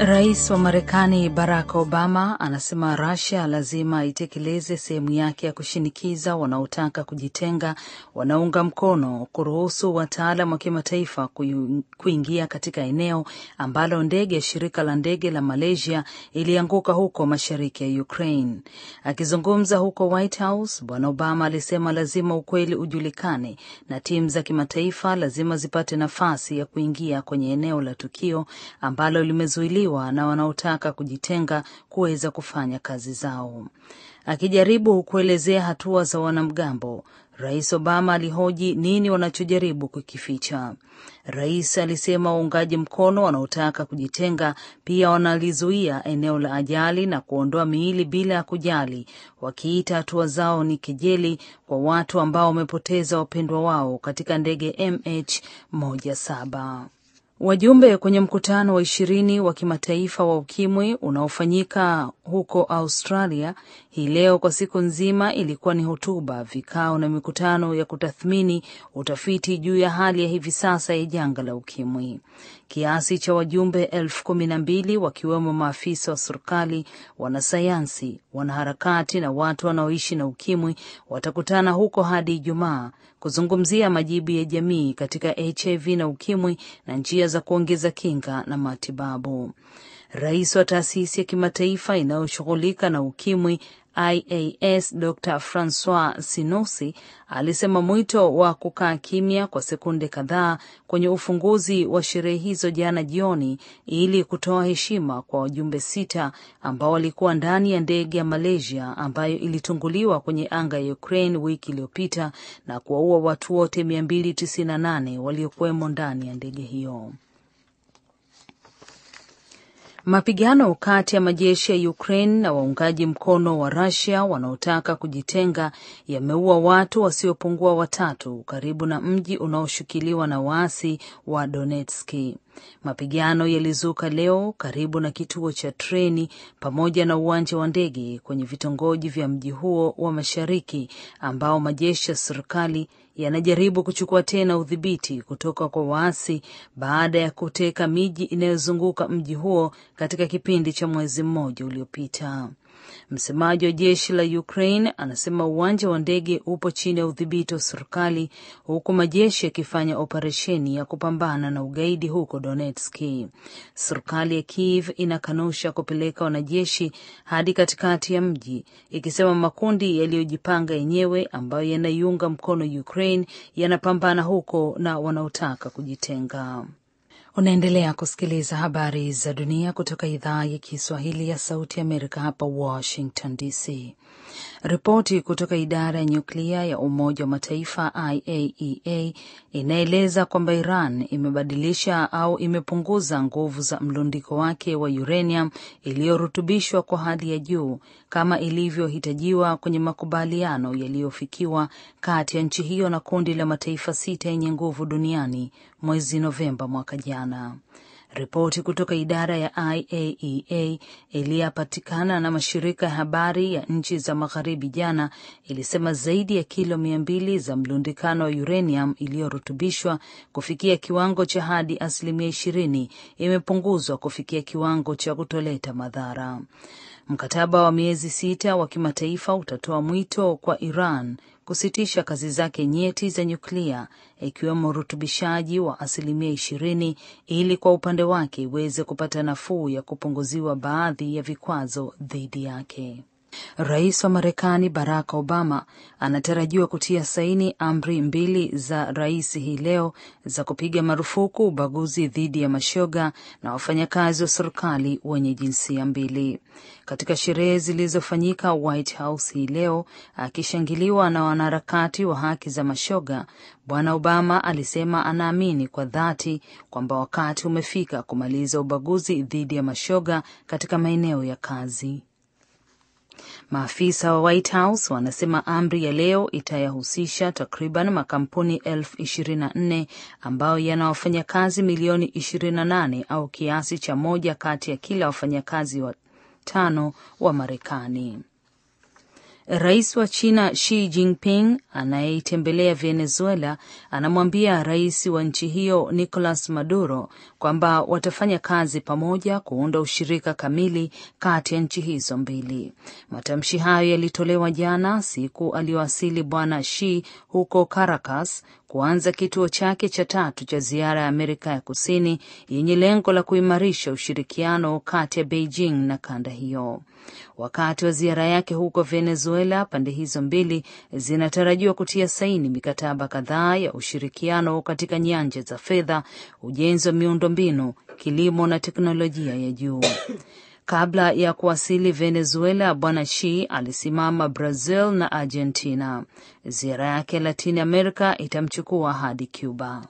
Rais wa Marekani Barack Obama anasema Russia lazima itekeleze sehemu yake ya kushinikiza wanaotaka kujitenga wanaunga mkono kuruhusu wataalam wa kimataifa kuingia katika eneo ambalo ndege ya shirika la ndege la Malaysia ilianguka huko mashariki ya Ukraine. Akizungumza huko White House, Bwana Obama alisema lazima ukweli ujulikane na timu za kimataifa lazima zipate nafasi ya kuingia kwenye eneo la tukio ambalo limezuiliwa kuzuiwa na wanaotaka kujitenga kuweza kufanya kazi zao. Akijaribu kuelezea hatua za wanamgambo, Rais Obama alihoji nini wanachojaribu kukificha. Rais alisema waungaji mkono wanaotaka kujitenga pia wanalizuia eneo la ajali na kuondoa miili bila ya kujali, wakiita hatua zao ni kejeli kwa watu ambao wamepoteza wapendwa wao katika ndege MH17. Wajumbe kwenye mkutano wa ishirini wa kimataifa wa ukimwi unaofanyika huko Australia hii leo kwa siku nzima ilikuwa ni hotuba, vikao na mikutano ya kutathmini utafiti juu ya hali ya hivi sasa ya janga la ukimwi. Kiasi cha wajumbe elfu kumi na mbili wakiwemo maafisa wa serikali, wanasayansi, wanaharakati na watu wanaoishi na ukimwi watakutana huko hadi Ijumaa kuzungumzia majibu ya jamii katika HIV na ukimwi na njia za kuongeza kinga na matibabu. Rais wa taasisi ya kimataifa inayoshughulika na ukimwi IAS Dr Francois Sinosi alisema mwito wa kukaa kimya kwa sekunde kadhaa kwenye ufunguzi wa sherehe hizo jana jioni ili kutoa heshima kwa wajumbe sita ambao walikuwa ndani ya ndege ya Malaysia ambayo ilitunguliwa kwenye anga ya Ukraine wiki iliyopita na kuwaua watu wote 298 waliokuwemo ndani ya ndege hiyo. Mapigano kati ya majeshi ya Ukraine na waungaji mkono wa Russia wanaotaka kujitenga yameua watu wasiopungua watatu karibu na mji unaoshikiliwa na waasi wa Donetski. Mapigano yalizuka leo karibu na kituo cha treni pamoja na uwanja wa ndege kwenye vitongoji vya mji huo wa mashariki ambao majeshi ya serikali yanajaribu kuchukua tena udhibiti kutoka kwa waasi baada ya kuteka miji inayozunguka mji huo katika kipindi cha mwezi mmoja uliopita. Msemaji wa jeshi la Ukraine anasema uwanja wa ndege upo chini ya udhibiti wa serikali huku majeshi yakifanya operesheni ya kupambana na ugaidi huko Donetsk. Serikali ya Kiev inakanusha kupeleka wanajeshi hadi katikati ya mji, ikisema makundi yaliyojipanga yenyewe ambayo yanaiunga mkono Ukraine yanapambana huko na wanaotaka kujitenga. Unaendelea kusikiliza habari za dunia kutoka idhaa ya Kiswahili ya Sauti ya Amerika hapa Washington DC. Ripoti kutoka idara ya nyuklia ya Umoja wa Mataifa IAEA e inaeleza kwamba Iran imebadilisha au imepunguza nguvu za mlundiko wake wa uranium iliyorutubishwa kwa hali ya juu kama ilivyohitajiwa kwenye makubaliano yaliyofikiwa kati ya nchi hiyo na kundi la mataifa sita yenye nguvu duniani mwezi Novemba mwaka jana. Ripoti kutoka idara ya IAEA e iliyopatikana na mashirika ya habari ya nchi za magharibi jana ilisema zaidi ya kilo mia mbili za mlundikano wa uranium iliyorutubishwa kufikia kiwango cha hadi asilimia ishirini imepunguzwa kufikia kiwango cha kutoleta madhara. Mkataba wa miezi sita wa kimataifa utatoa mwito kwa Iran kusitisha kazi zake nyeti za nyuklia ikiwemo urutubishaji wa asilimia ishirini ili kwa upande wake iweze kupata nafuu ya kupunguziwa baadhi ya vikwazo dhidi yake. Rais wa Marekani Barack Obama anatarajiwa kutia saini amri mbili za rais hii leo za kupiga marufuku ubaguzi dhidi ya mashoga na wafanyakazi wa serikali wenye jinsia mbili. Katika sherehe zilizofanyika White House hii leo, akishangiliwa na wanaharakati wa haki za mashoga, Bwana Obama alisema anaamini kwa dhati kwamba wakati umefika kumaliza ubaguzi dhidi ya mashoga katika maeneo ya kazi. Maafisa wa White House wanasema amri ya leo itayahusisha takriban makampuni elfu ishirini na nne ambayo yana wafanyakazi milioni ishirini na nane au kiasi cha moja kati ya kila wafanyakazi watano wa Marekani. Rais wa China Xi Jinping anayeitembelea Venezuela anamwambia rais wa nchi hiyo Nicolas Maduro kwamba watafanya kazi pamoja kuunda ushirika kamili kati ya nchi hizo mbili. Matamshi hayo yalitolewa jana siku aliyowasili Bwana Xi huko Caracas kuanza kituo chake cha tatu cha ziara ya Amerika ya Kusini yenye lengo la kuimarisha ushirikiano kati ya Beijing na kanda hiyo. Wakati wa ziara yake huko Venezuela, pande hizo mbili zinatarajiwa kutia saini mikataba kadhaa ya ushirikiano katika nyanja za fedha, ujenzi wa miundombinu, kilimo na teknolojia ya juu. Kabla ya kuwasili Venezuela, Bwana Xi alisimama Brazil na Argentina. Ziara yake latini America itamchukua hadi Cuba.